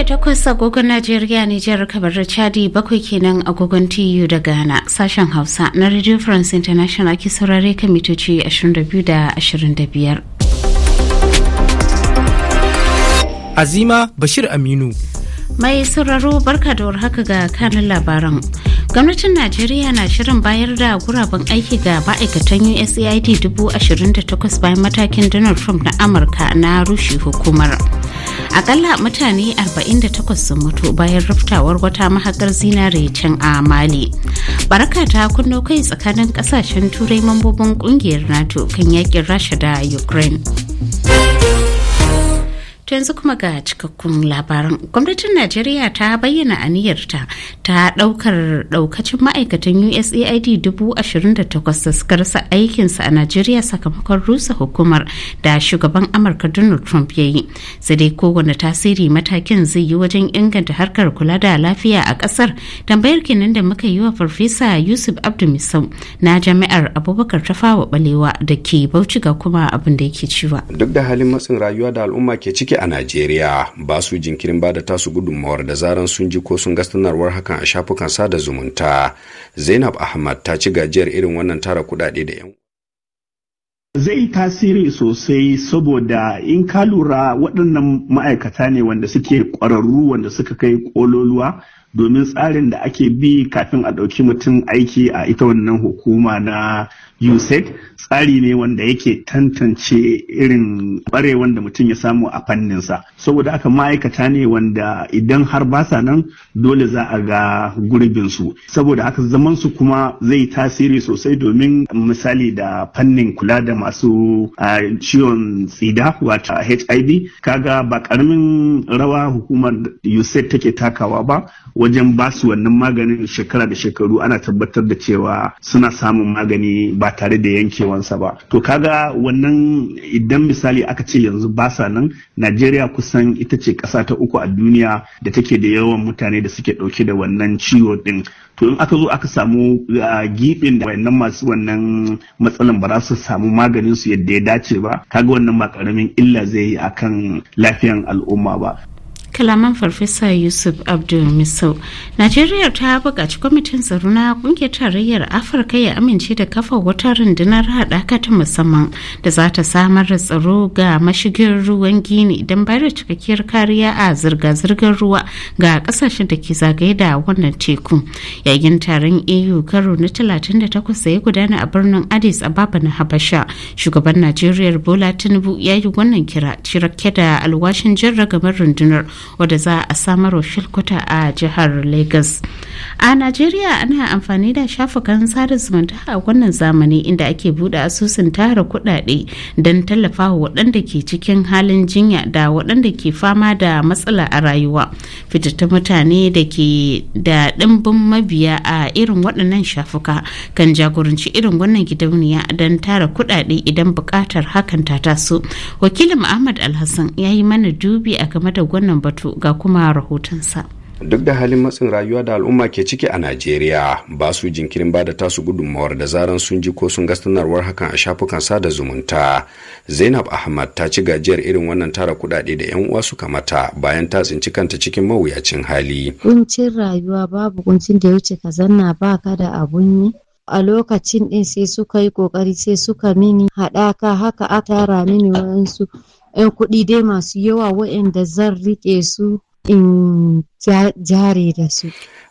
karfe takwas agogon Najeriya Nijar kamar Chadi bakwai kenan agogon TU da Ghana sashen Hausa na Radio France International ake saurare kan mitoci 22 da 25. Azima Bashir Aminu Mai sauraro barka da haka ga kanin labaran. Gwamnatin Najeriya na shirin bayar da guraben aiki ga ma'aikatan USAID 28,000 bayan matakin Donald Trump na Amurka na rushe hukumar. akalla mutane 48 sun mutu bayan ruftawar wata mahakar zinare can a mali baraka ta kunno kai tsakanin kasashen turai mambobin kungiyar nato kan yakin rasha da ukraine To yanzu kuma ga cikakkun labaran. Gwamnatin Najeriya ta bayyana aniyarta ta daukar daukacin ma'aikatan USAID dubu ashirin da takwas da suka rasa aikinsa a Najeriya sakamakon rusa hukumar da shugaban Amurka Donald Trump ya yi. Sai dai kowane tasiri matakin zai yi wajen inganta harkar kula da lafiya a kasar. Tambayar kenan da muka yi wa Farfesa Yusuf Abdu na Jami'ar Abubakar ta Tafawa Balewa da ke Bauchi ga kuma abin da yake cewa. Duk da halin matsin rayuwa da al'umma ke ciki a Najeriya ba su jinkirin ba da tasu gudunmawar da zaran sun ji ko sun ga sanarwar hakan a shafukan sada zumunta. Zainab Ahmad ta ci gajiyar irin wannan tara kudade da 'yan zai yi tasiri sosai saboda in ka lura waɗannan ma'aikata ne wanda suke ƙwararru wanda suka kai ƙololuwa domin tsarin da ake bi kafin a ɗauki mutum aiki a ita wannan hukuma na USAID tsari ne wanda yake tantance irin ɓare da mutum ya samu a fanninsa saboda aka ma'aikata ne wanda idan har ba sa nan dole za a ga gurbinsu saboda haka zamansu kuma zai tasiri sosai domin misali da fannin kula da masu ciwon tsida wata hiv kaga ba karamin rawa hukumar usaid take takawa ba wajen basu wannan maganin shekara da shekaru ana tabbatar da cewa suna samun magani ba tare da yankewansa ba to kaga wannan idan misali aka ce yanzu basa nan najeriya kusan ita ce ƙasa ta uku a duniya da take da yawan mutane da suke ɗauke da wannan ciwo ɗin to in aka zo aka samu gibin da wayannan masu wannan matsalan ba za su samu maganin su yadda ya dace ba kaga wannan ba karamin illa zai yi akan lafiyan al'umma ba kalaman farfesa yusuf abdul misau najeriya ta buƙaci kwamitin tsaro na ƙungiyar tarayyar afirka ya amince da kafa wata rundunar haɗaka ta musamman da za ta samar da tsaro ga mashigin ruwan gini don bayar da cikakkiyar kariya a zirga-zirgar ruwa ga ƙasashen da ke zagaye da wannan teku yayin taron eu karo na 38 da ya gudana a birnin addis ababa na habasha shugaban najeriya bola tinubu ya yi wannan kira cirakke da alwashin jarragamar rundunar wadda za a samar wa shilkuta a jihar lagos a najeriya ana amfani da shafukan sada zumunta a wannan zamani inda ake buɗe asusun tara kuɗaɗe don tallafa wa waɗanda ke cikin halin jinya da waɗanda ke fama da matsala a rayuwa fitattun mutane da ke da ɗimbin mabiya a irin waɗannan shafuka kan jagoranci irin wannan gidauniya don tara kuɗaɗe idan buƙatar hakan ta taso wakilin Ahmad alhassan ya yi mana dubi a game da wannan batu ga kuma rahotonsa. duk da halin matsin rayuwa da al'umma ke ciki a najeriya ba su jinkirin ba da tasu gudunmawar da zaran sun ji ko sun ga sanarwar hakan a shafukan sada zumunta zainab ahmad ta ci gajiyar irin wannan tara kudade da yan uwa suka mata bayan ta tsinci kanta cikin mawuyacin hali kuncin rayuwa babu kuncin da ya wuce ka zanna ba ka da abun yi a lokacin din sai suka yi kokari sai suka mini haɗaka haka a tara mini wayansu 'yan kuɗi dai masu yawa wa'anda zan riƙe su in jari da su.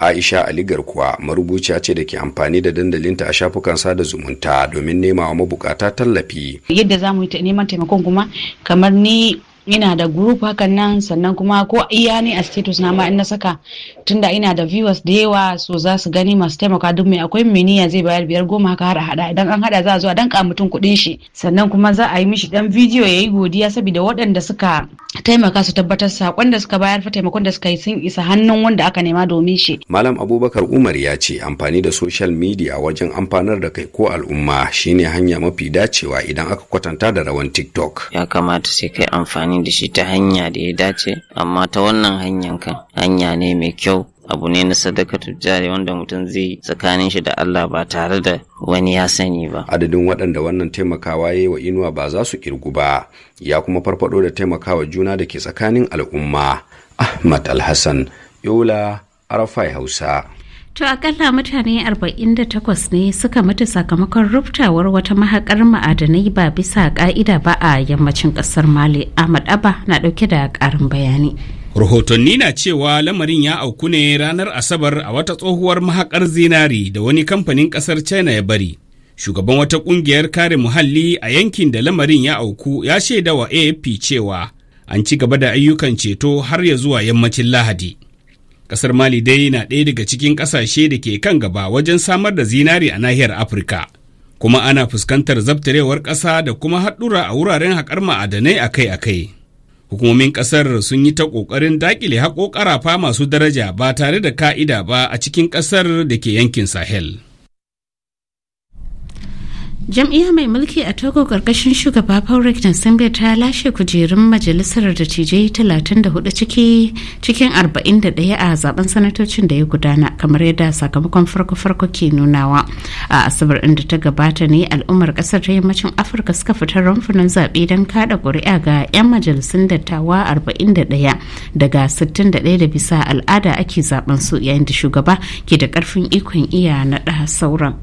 Aisha Aligar kuwa marubuciya ce da ke amfani da dandalinta a shafukan sada zumunta domin nema wa mabukata tallafi. Yadda za mu yi neman taimakon kuma kamar ni ina da group hakan nan sannan kuma ko iya ne a status na ma in na saka tunda ina da viewers da yawa so za su gani masu taimaka duk mai akwai miniya zai bayar biyar goma haka har a hada idan an hada za a zo a danka mutum kuɗin shi sannan kuma za a yi mishi dan bidiyo ya yi godiya saboda waɗanda suka taimaka su tabbatar sakon da suka bayar fa taimakon da suka yi sun isa hannun wanda aka nema domin shi. Malam Abubakar Umar ya ce amfani da social media wajen amfanar da kai ko al'umma shine hanya mafi dacewa idan aka kwatanta da rawan TikTok. Ya kamata sai kai amfani amfani da shi ta hanya da ya dace amma ta wannan hanyan kan hanya ne mai kyau abu ne na sadaka tujjari wanda mutum zai tsakanin shi da Allah ba tare da wani ya sani ba. Adadin waɗanda wannan taimakawa ya yi wa inuwa ba za su kirgu ba, ya kuma farfado da taimakawa juna da ke tsakanin al'umma. Ahmad Alhassan, Yola, Arafai Hausa. To akalla mutane 48 ne suka mutu sakamakon ruftawar wata mahakar ma'adanai ba bisa ka'ida ba a yammacin kasar Mali. Ahmad Abba na dauke da karin bayani. Rahotanni na cewa lamarin ya auku ne ranar Asabar a wata tsohuwar mahakar zinari da wani kamfanin kasar China ya bari. Shugaban wata kungiyar kare muhalli a yankin da lamarin ya auku ya shaida wa AFP cewa an ci gaba da ayyukan ceto har ya zuwa yammacin Lahadi. Kasar Mali dai na ɗaya daga cikin ƙasashe da ke kan gaba wajen samar da zinari a nahiyar Afirka. Kuma ana fuskantar zabtarewar ƙasa da kuma haɗura a wuraren haƙar ma'adanai akai-akai. Hukumomin ƙasar sun yi ta ƙoƙarin daƙile haƙo ƙarafa masu daraja ba tare da ka'ida ba a cikin ƙasar da ke yankin Sahel. jam'iyya mai mulki a togo karkashin shugaba paul sambe ta lashe kujerun majalisar da dattijai 34 ciki cikin 41 a zaben sanatocin da ya gudana kamar yadda sakamakon farko-farko ke nunawa a asabar inda ta gabata ne al'ummar kasar ta yammacin afirka suka fita rumfunan zaɓe don kada ƙuri'a ga 'yan majalisun dattawa 41 daga 61 da bisa al'ada ake zaben su yayin da shugaba ke da karfin ikon iya naɗa sauran.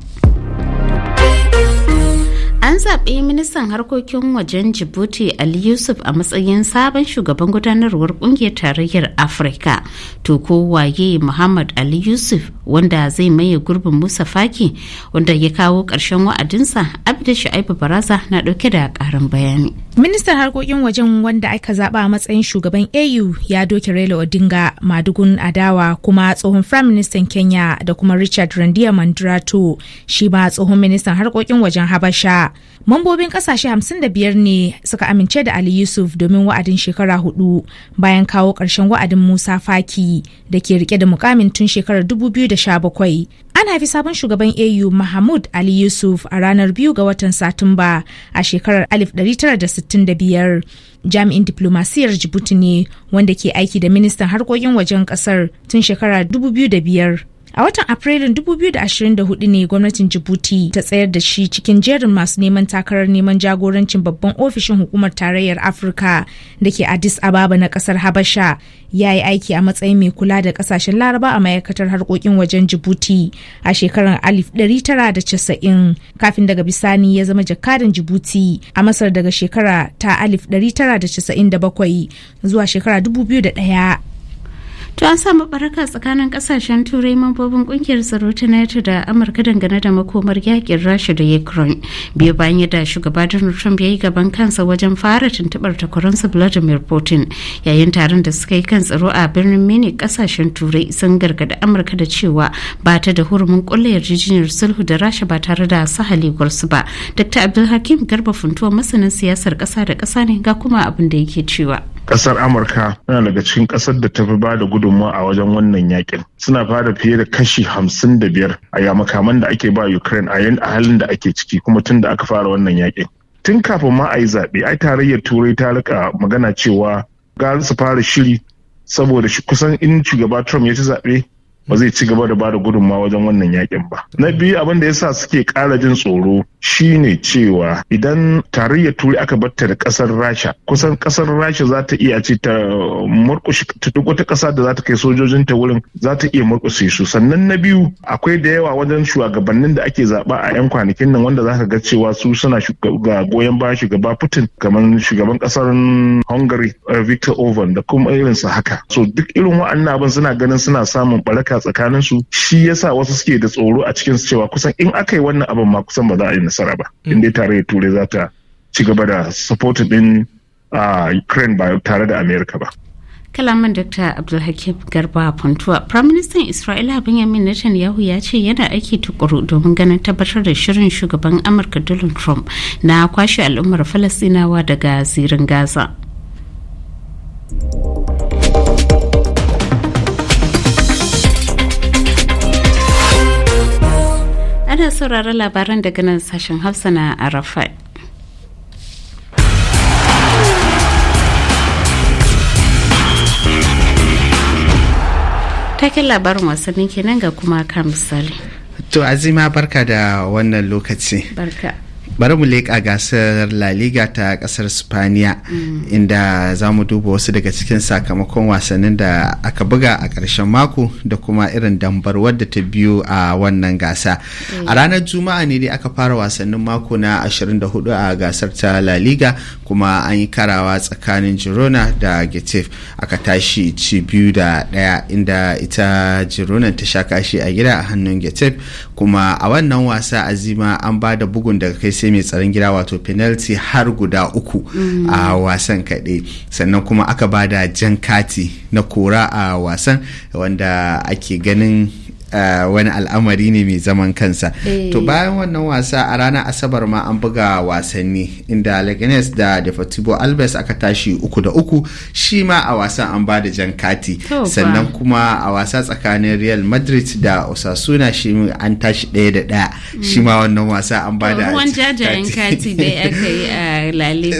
An zaɓi ministan harkokin wajen Djibouti Ali Yusuf a matsayin sabon shugaban gudanarwar ƙungiyar tarayyar Afirka. To ko waye Muhammad Ali Yusuf wanda zai maye gurbin Musa Faki wanda ya kawo ƙarshen wa'adinsa Abida Shu'aibu Baraza na ɗauke da ƙarin bayani. Ministan harkokin wajen wanda aka zaba a matsayin shugaban AU ya doke Raila Odinga madugun adawa kuma tsohon Prime Minister Kenya da kuma Richard Randia Mandurato shi ba tsohon ministan harkokin wajen Habasha. Mambobin kasashe 55 ne suka amince da Ali Yusuf domin wa'adin shekara hudu bayan kawo ƙarshen wa'adin Musa Faki da ke rike da mukamin tun shekarar 2017. An haifi sabon shugaban AU Mahmud Ali Yusuf a ranar biyu ga watan Satumba a shekarar 1965. Jami'in diplomasiyar Djibouti ne wanda ke aiki da ministan harkokin wajen kasar tun shekara 2005. A watan Afrilun 2024 ne gwamnatin Djibouti ta tsayar da shi cikin jerin masu neman takarar neman jagorancin babban ofishin hukumar tarayyar Afirka da ke Addis Ababa na kasar Habasha. Ya yi aiki a matsayin mai kula da kasashen Laraba a ma'aikatar harkokin wajen Djibouti a shekarar 1990 kafin daga bisani ya zama jakadan Djibouti a Masar daga shekara ta 1997 zuwa shekara 2001. to an samu baraka tsakanin kasashen turai mambobin kungiyar tsaro ta nato da amurka dangane da makomar yakin rasha da ukraine biyu bayan yadda shugaba donald trump ya yi gaban kansa wajen fara tuntubar takwaransa vladimir putin yayin taron da suka yi kan tsaro a birnin munich kasashen turai sun gargada amurka da cewa ba ta da hurumin kulle yarjejeniyar sulhu da rasha ba tare da sahali su ba dr abdulhakim garba funtuwa masanin siyasar kasa da kasa ne ga kuma abin da yake cewa kasar amurka tana daga cikin kasar da ta fi ba da gudunmawa a wajen wannan yakin suna fara fiye da kashi hamsin da biyar a makaman da ake ba ukraine a halin da ake ciki kuma tun da aka fara wannan yakin tun kafin ma a yi zaɓe ai tarayyar turai ta rika magana cewa gara su fara shiri saboda kusan in shugaba trump ya ci zaɓe ba zai ci gaba da ba da gudunmawa wajen wannan yakin ba na biyu abin da yasa suke ƙara jin tsoro shine cewa idan tarayyar turai aka batta da kasar rasha kusan kasar rasha za ta iya ce ta murkushe duk wata kasa da za ta kai sojojin ta wurin za ta iya murkushe su sannan na biyu akwai da yawa wajen shugabannin da ake zaba a yan kwanakin nan wanda za ka ga cewa su suna ga goyon baya shugaba putin kamar shugaban kasar hungary eh, victor Oven, da kuma irin su haka so duk irin wa'annan abin suna ganin suna samun baraka tsakanin su shi yasa wasu suke da tsoro a cikin cewa kusan in aka yi wannan abin ma kusan ba za a yi nasara ba mm. inda da turai za ta ci gaba da support din ukraine ba tare da america ba kalaman dr abdulhakim garba puntuwa prime minister isra'ila benjamin netanyahu ya ce yana aiki tukuru domin ganin tabbatar da shirin shugaban amurka donald trump na kwashe al'ummar falasinawa daga zirin gaza ana sauraron labaran daga nan sashen hausa na arafai takin labarin wasannin kenan ga kuma kan misali to azima barka da wannan lokaci barka bari mu leƙa gasar la liga ta ƙasar spaniya mm. inda za mu duba wasu daga cikin sakamakon wasannin da aka buga a ƙarshen mako da kuma irin dambar wadda ta biyu a wannan gasa mm. a ranar juma'a ne dai aka fara wasannin mako na 24 a gasar ta la liga kuma an yi karawa tsakanin girona da getafe aka tashi ci biyu da ɗaya inda ita girona ta sha kashi a gida a hannun getafe kuma a wannan wasa azima an ba da bugun daga kai sai mai tsaron gida wato penalty har guda uku a wasan kaɗai sannan kuma aka ba da jan kati na kora a wasan wanda ake ganin Eh, wani al'amari ne mai zaman kansa eh. to bayan wannan wasa a ranar asabar ma an buga wasanni inda leganes da deportivo alves aka tashi uku da uku shi ma a wasan an ba da jan kati sannan kuma a wasa tsakanin real madrid da osasuna shi an tashi ɗaya da ɗaya mm. shi ma wannan wasa an ba da kati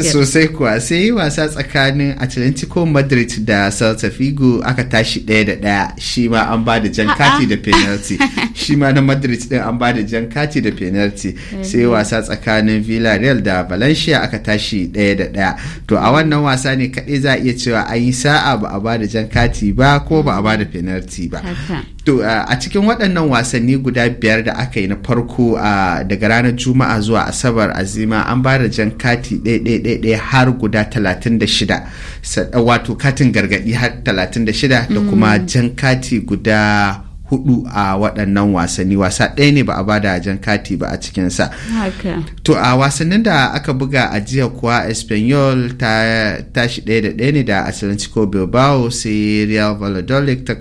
sosai kuwa sai wasa tsakanin atlantico madrid da celta figo aka tashi ɗaya da ɗaya shi ma an ba da jan kati da penalty shi ma na madrid din an bada jan kati da penalty sai wasa tsakanin villarreal da valencia aka tashi daya da daya to a wannan wasa ne kadai za a iya cewa an yi sa'a ba a bada jan kati ba ko ba a bada penalty ba To a cikin waɗannan wasanni guda biyar da aka yi na farko daga ranar Juma'a zuwa Asabar Azima an ba da jan kati ɗaya har guda 36 wato katin gargaɗi har 36 da mm. kuma jan kati guda hudu a waɗannan wasanni wasa ɗaya ne ba a bada jan kati ba a cikinsa to a wasannin da aka buga a jiya kuwa espanyol ta tashi ɗaya da ɗaya ne da atlantico bilbao sai real valladolid ta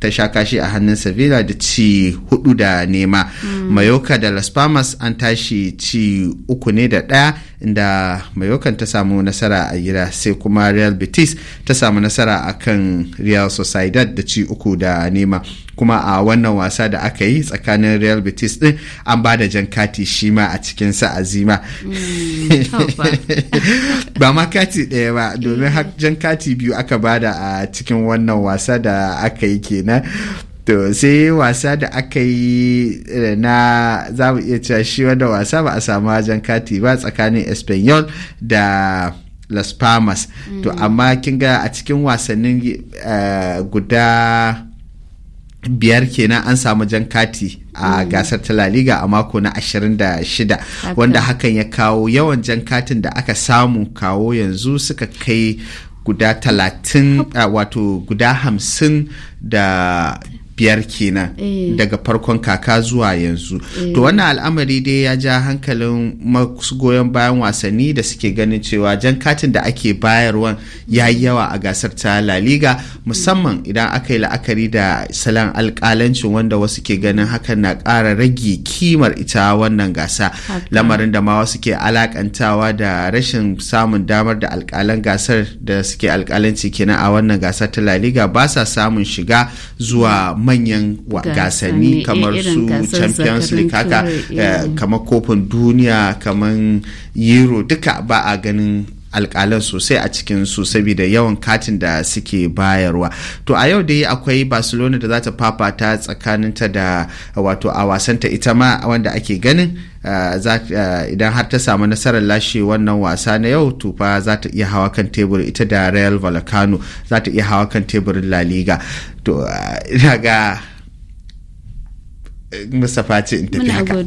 ta sha kashi a hannun sevilla da ci hudu da nema mm. mayoka da las palmas an tashi ci uku ne da ɗaya inda mayokan ta samu nasara a gida sai kuma real betis ta samu nasara akan real sociedad da ci uku da nema kuma a wannan wasa da aka yi tsakanin real betis din an ba da jan kati shi ma a cikin sa azima ba ma kati ɗaya ba domin jan kati biyu aka ba da a cikin wannan wasa da aka yi kenan to sai wasa da aka yi eh, na za mu iya cewa shi wanda wasa ba a samu wajen kati ba tsakanin espanyol da las palmas to mm. amma kin ga a cikin wasannin eh, guda biyar kenan an samu jan kati a mm. gasar ta a mako na 26 wanda hakan ya kawo yawan jan katin da aka samu kawo yanzu suka kai guda talatin wato guda hamsin da biyar kenan eh. daga farkon kaka zuwa yanzu eh. to wannan al'amari dai ya ja hankalin masu goyon bayan wasanni da suke ganin cewa jan katin da ake bayarwan ya yi yawa a gasar ta laliga musamman idan aka yi la'akari da salon alkalancin wanda wasu ke ganin hakan na ƙara rage kimar ita wannan gasa lamarin da ma wasu ke alakantawa da rashin samun damar da alkalan gasar da suke alkalanci kenan a wannan gasa ta laliga ba sa samun shiga zuwa manyan gasanni eh, kamar su champions league haka eh, eh. kamar kofin duniya kamar euro duka ba a ganin alƙalan sosai a cikin su saboda yawan katin da suke bayarwa to a yau dai akwai barcelona da za ta fafata tsakaninta da wato a wasanta ita ma wanda ake ganin eh, eh, idan har ta samu nasarar lashe wannan wasa na yau tufa za ta iya hawa kan tebur ita da real volcano za ta iya hawa kan teburin la liga to eh, ina mustapha ce in tafi haka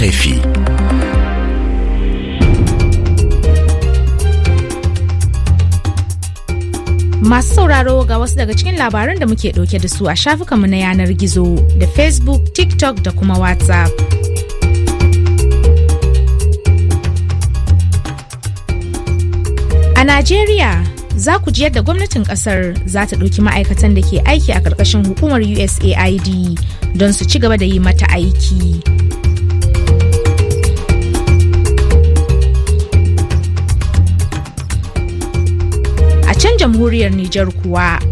RFI Masu sauraro ga wasu daga cikin labaran da muke ɗauke da su a mu na yanar gizo da Facebook, TikTok da kuma WhatsApp. A Najeriya za ku ji yadda gwamnatin ƙasar za ta ɗauki ma'aikatan da ke aiki a ƙarƙashin hukumar USAID don su ci gaba da yi mata aiki. jamhuriyar Nijar kuwa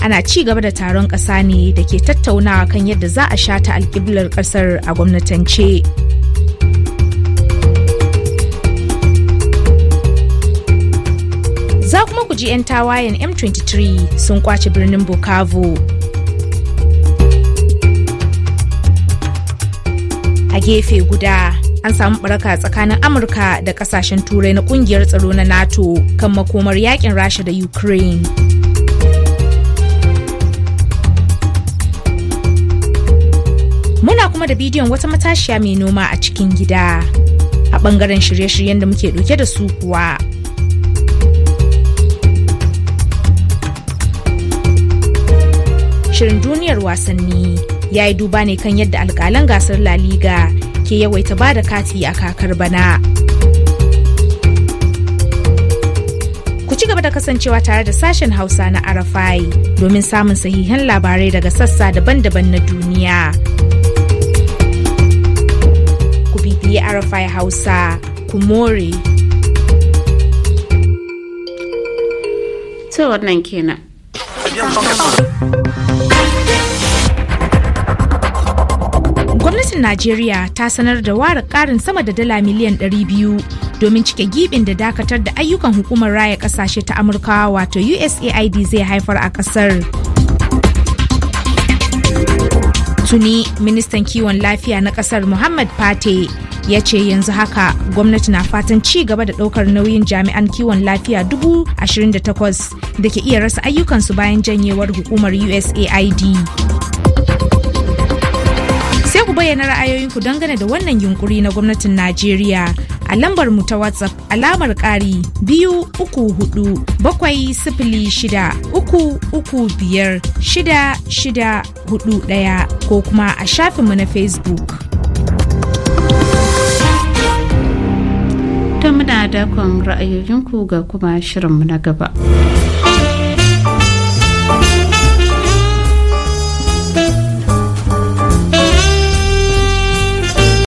ana ci gaba da taron ƙasa ne da ke tattaunawa kan yadda za a shata alƙiblar ƙasar a gwamnatance. Za kuma ku ji 'yan tawayen M23 sun kwace birnin Bukavu. A gefe guda. an samu baraka tsakanin amurka da kasashen turai na kungiyar tsaro na nato kan makomar yakin rasha da ukraine muna kuma da bidiyon wata matashiya mai noma a cikin gida a bangaren shirye-shiryen da muke dauke da su kuwa shirin duniyar wasanni ya yi duba ne kan yadda alkalan gasar la liga ke yawaita ba da kati a kakar bana. Ku ci gaba da kasancewa tare da sashen Hausa na Arafai domin samun sahihan labarai daga sassa daban-daban na duniya. Ku bibiyi Arafai Hausa, ku more. wannan kenan. gwamnatin Najeriya ta sanar da ware karin sama da dala miliyan 200 domin cike gibin da dakatar da ayyukan hukumar raya ƙasashe ta Amurka wato USAID zai haifar a kasar. Tuni ministan kiwon lafiya na kasar Muhammad Pate ya ce yanzu haka gwamnati na fatan ci gaba da ɗaukar nauyin jami'an kiwon lafiya dubu da ke iya rasa ayyukansu bayan janyewar hukumar USAID. sai ku bayyana ra'ayoyinku dangane da wannan yunkuri na gwamnatin Najeriya a lambar mu ta WhatsApp alamar ƙari biyu uku hudu bakwai sifili shida uku uku biyar shida shida hudu ɗaya ko kuma a shafinmu na Facebook. Ta muna dakon ra'ayoyinku ga kuma shirinmu na gaba.